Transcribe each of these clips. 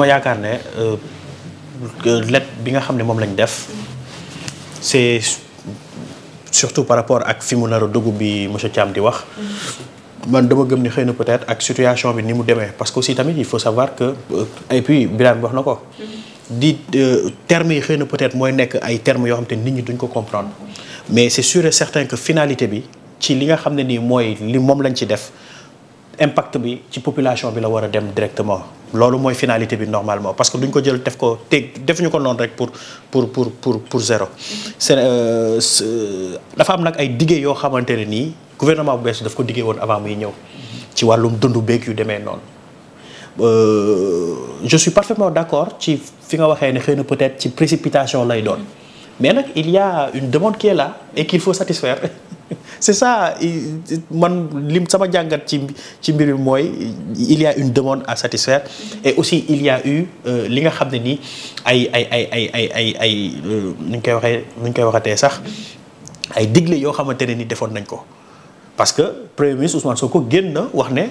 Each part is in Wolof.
ma yaakaar ne euh, euh, let bi nga xam ne moom lañ def c'est surtout par rapport ak fi mu nar a dugg bi monsieur Thiam di wax man dama gëm ni xëy na peut ak situation bi ni mu demee parce que aussi tamit il faut savoir que euh, et puis Birame wax na ko di termes yi xëy na peut-être mooy nekk ay termes yoo xam te nit ñi duñ ko comprendre mais c'est sûr et que finalité bi ci li nga xam ne nii mooy li moom lañ ci def impact bi ci population bi la war a dem directement loolu mooy finalité bi normalement parce que duñ ko jël def ko teg def ñu ko noonu rek pour pour pour pour pour zéro. Euh, dafa am nag ay diggé yoo xamante ne nii gouvernement bu bees daf ko diggé woon avant muy ñëw ci wàllum dundu beeg yu demee noonu. Euh, je suis parfaitement d'accord ci fi nga waxee ne xëy na peut-être ci précipitation lay doon mais nag il y a une demande qui est là et qu'il faut satisfaire. c'est ça man lim sama jàngat ci ci mbir mi mooy il y une demande à satisfaire mm-hmm. et aussi il y a euh, li nga xam ne nii ay ay ay ay ay ay ay euh, nu ñu koy waxee nu ñu koy waxatee sax mm-hmm. ay digle yoo xamante ne ni defoon nañ ko parce que premier ministre soo ko génn na wax ne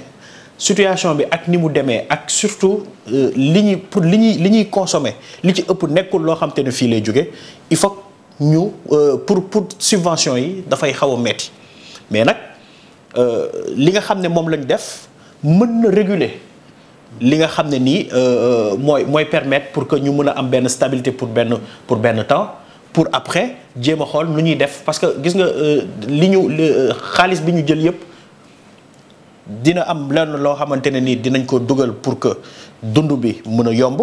situation bi ak ni mu demee ak surtout euh, li ñuy pour li ñuy li ñuy consommer li ci ëpp nekkul loo xam te ne fii lay jóge il faut ñu euh, pour pour subvention yi dafay xaw a metti mais nag euh, li nga xam ne moom lañ def mën na réguler li nga xam ne nii euh, mooy mooy permettre pour que ñu mën a am benn stabilité pour benn pour benn temps pour après jéem a xool nu ñuy def parce que gis nga li ñu xaalis bi ñu jël yépp dina am lenn loo xamante ne nii dinañ ko dugal pour que dund bi mën a yomb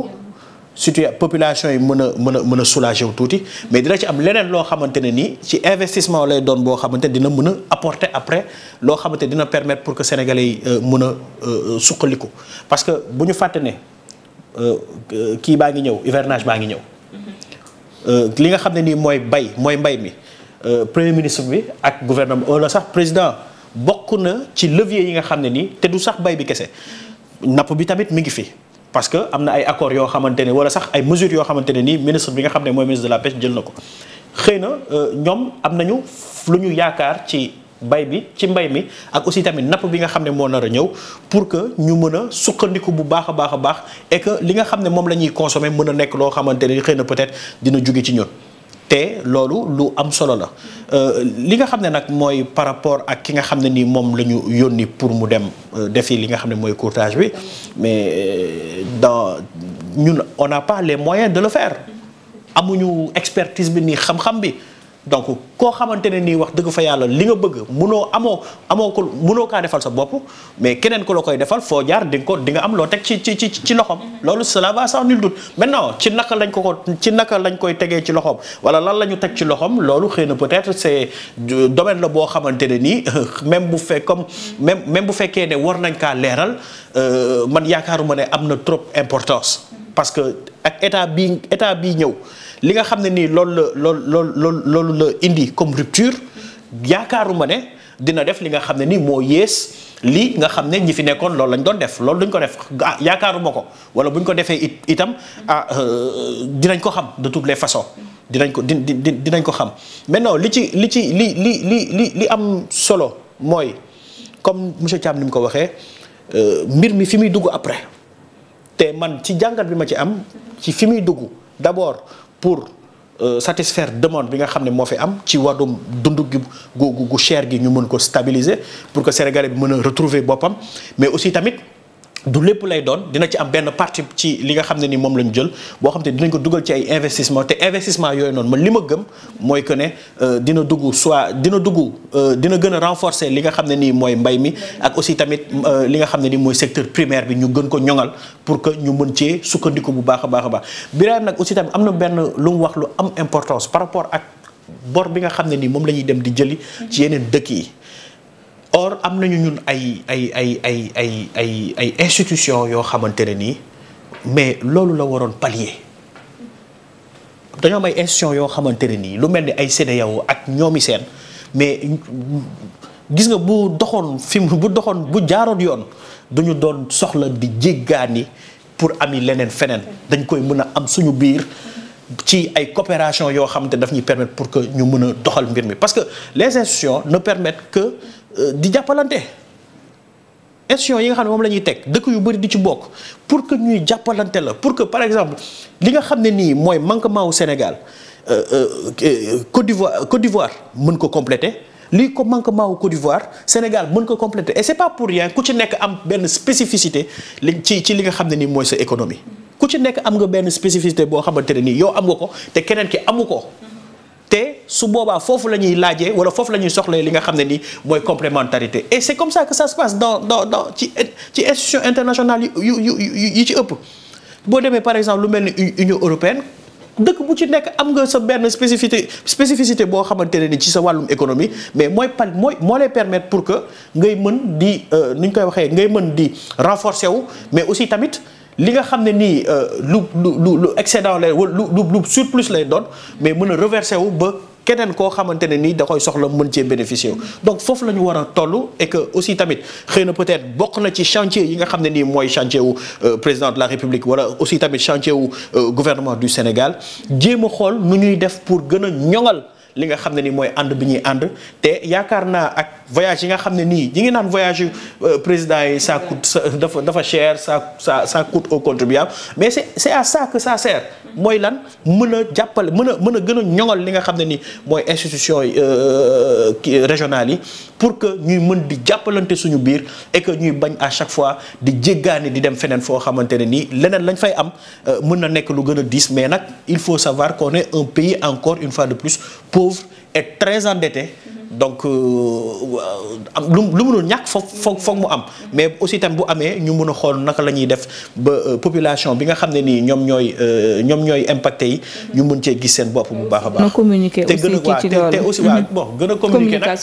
surtout population yi mën a mën a mën a soulager wu tuuti mais dina ci am leneen loo xamante ne nii ci investissement lay doon boo xamante ne dina mën a apporter après loo xamante dina permettre pour que sénégalais yi euh, mën a euh, suqaliku parce que bu ñu fàtte ne euh, kii baa ngi ñëw hivernage baa ngi ñëw. Mm-hmm. li nga xam ne nii mooy bay mooy mbay mi premier ministre bi ak gouvernement wala sax président bokk na ci levier yi nga xam ne nii te du sax bay bi kese napp bi tamit mi ngi fi. parce que am na ay accords yoo xamante ne wala sax ay mesures yoo xamante ne nii ministre bi nga xam ne mooy ministre de la pêche jël na ko xëy na euh, ñoom am nañu lu ñu yaakaar ci bay bi ci mbay mi ak aussi tamit napp bi nga xam ne moo nar a ñëw pour que ñu mën a sukkandiku bu baax a baax a baax et que li nga xam ne moom la ñuy consommer mën a nekk loo xamante ne xëy na peut-être dina jóge ci ñun te loolu lu am solo la. Euh, li nga xam ne nag mooy par rapport ak ki nga xam ne nii moom la ñu yónni pour mu dem euh, defi li nga xam ne mooy courtage bi mais euh, dans ñun on n'a pas les moyens de le faire amuñu expertise bi nii xam-xam bi donc koo xamante ne nii wax dëgg fa yàlla li nga bëgg munoo amoo amoo ko munoo kaa defal sa bopp mais keneen ku la koy defal foo jaar di nga ko di nga am loo teg ci ci ci ci loxoom. loolu cela va sans nul doute maintenant ci naka lañ ko ko ci naka lañ koy tegee ci loxoom wala lan la ñu teg ci loxoom loolu xëy na peut-être c'est domaine la boo xamante ne nii même bu fekk comme même même bu fekkee ne war nañ kaa leeral euh, man yaakaaruma ne am na trop importance parce ak état bii état bii ñëw li nga xam ne nii loolu la loolu la indi comme rupture yaakaaruma ne dina def li nga xam ne nii moo yées lii nga xam ne ñi fi nekkoon loolu lañ doon def loolu duñ ko def ah yaakaaruma ko wala buñ ko defee it itam ah euh, dinañ ko xam de toutes dinañ ko di dinañ ko xam mais non li ci li ci li li li li li am solo mooy comme monsieur Thiam ni mu ko waxee euh, mbir mi fi muy dugg après te man ci jàngat bi ma ci am ci fi muy dugg d'abord pour euh, satisfaire demande bi nga xam ne moo fi am ci wàllum dund gi gu gu cher gi ñu mën ko stabiliser pour que Sénégalais bi mën a retrouver boppam mais aussi tamit du lépp lay doon dina ci am benn partie ci li nga xam ne ni moom lañ jël boo xam ne dinañ ko dugal ci ay investissement te investissement yooyu noonu man li ma gëm mooy que ne euh, dina dugg soit dina dugg euh, dina gën a renforcer li nga xam ne nii mooy mbay mi ak aussi tamit euh, li nga xam ne nii mooy secteur primaire bi ñu gën ko ñoŋal pour que ñu mën cee sukkandiku bu baax a baax a baax Birahim nag aussi tamit am na benn lu mu wax lu am importance par rapport ak bor bi nga xam ne ni moom la ñuy dem di jëli ci yeneen dëkk yi or am nañu ñun ay ay ay ay ay ay ay institution yoo xamante ne nii mais loolu la waroon pallier dañoo am ay institution yoo xamante ne nii lu mel ni ay CEDEAO ak ñoomi seen mais gis nga bu doxoon fi bu doxoon bu jaaroon yoon du ñu doon soxla di jéggaani pour ami leneen feneen dañ koy mën a am suñu biir ci ay coopération yoo xamante daf ñuy permettre pour que ñu mën a doxal mbir mi parce que les institutions ne permettent que di jàppalante estion yi nga xam ne moom la ñuy teg dëkk yu bëri di ci bokk pour que ñuy jàppalante la pour que par exemple li nga xam ne nii mooy manquement wu Sénégal euh, euh, Côte d'Ivoire Côte d'Ivoire mën ko compléter lii ko manquement wu Côte d'Ivoire Sénégal mën ko compléter et c'est pas pour rien ku ci nekk am benn spécificité li ci ci li nga xam ne nii mooy sa économie ku ci nekk am nga benn spécificité boo xamante ne nii yow am nga ko te keneen ki amu ko. te su boobaa foofu la ñuy laajee wala foofu la ñuy soxlee li nga xam ne ni mooy complémentarité et c'est comme ça que ça se passe dans dans ci ci institution internationale yu yu yu yi ci ëpp boo demee par exemple lu mel ni Union européenne dëkk bu ci nekk am nga sa benn spécificité spécificité boo xamante ne ni ci sa wàllum économie mais mooy pal mooy moo lay permettre pour que ngay mën di euh, nu ñu koy waxee ngay mën di renforcer wu mais aussi tamit li nga xam ne nii euh, lu lu lu excédent lay lu lu lu surplus lay doon mais mën a reverser wu ba keneen koo xamante ne nii da koy soxla mën cee bénéficier wu. donc foofu la ñu war a toll et que aussi tamit xëy na peut-être bokk na ci chantier yi nga xam ne nii mooy chantier wu euh, président de la république wala aussi tamit chantier wu euh, gouvernement du Sénégal jéem a xool nu ñuy def pour gën a ñoŋal. li nga xam ne nii mooy ànd bi ñuy ànd te yaakaar naa ak voyage yi nga xam ne nii ñi ngi naan voyage yu euh, président yi ça coûte dafa dafa cher ça ça ça coûte au contribuable mais c'est c'est à ça que ça sert mooy lan mën a jàppale mën a mën a gën a ñoŋal li nga xam ne ni mooy institution yi euh, régionales yi pour que ñuy mën di jàppalante suñu biir et ñuy bañ a chaque fois di jéggaani di dem feneen foo xamante ne nii leneen lañ fay am euh, mën na nekk lu gën a diis mais nag il faut savoir qu'on est encore une fois de plus pauvre et très endetté donc euh, euh, am lu lu mënul ñàkk foog foog foog mu am mais aussi tam bu amee ñu mun a xool naka la ñuy def ba euh, population bi nga xam ne nii ñoom ñooy ñoom ñooy impacté yi ñu mun cee gis seen bopp bu baax a baax. te gën a te aussi waaw bon gën a communiquer nag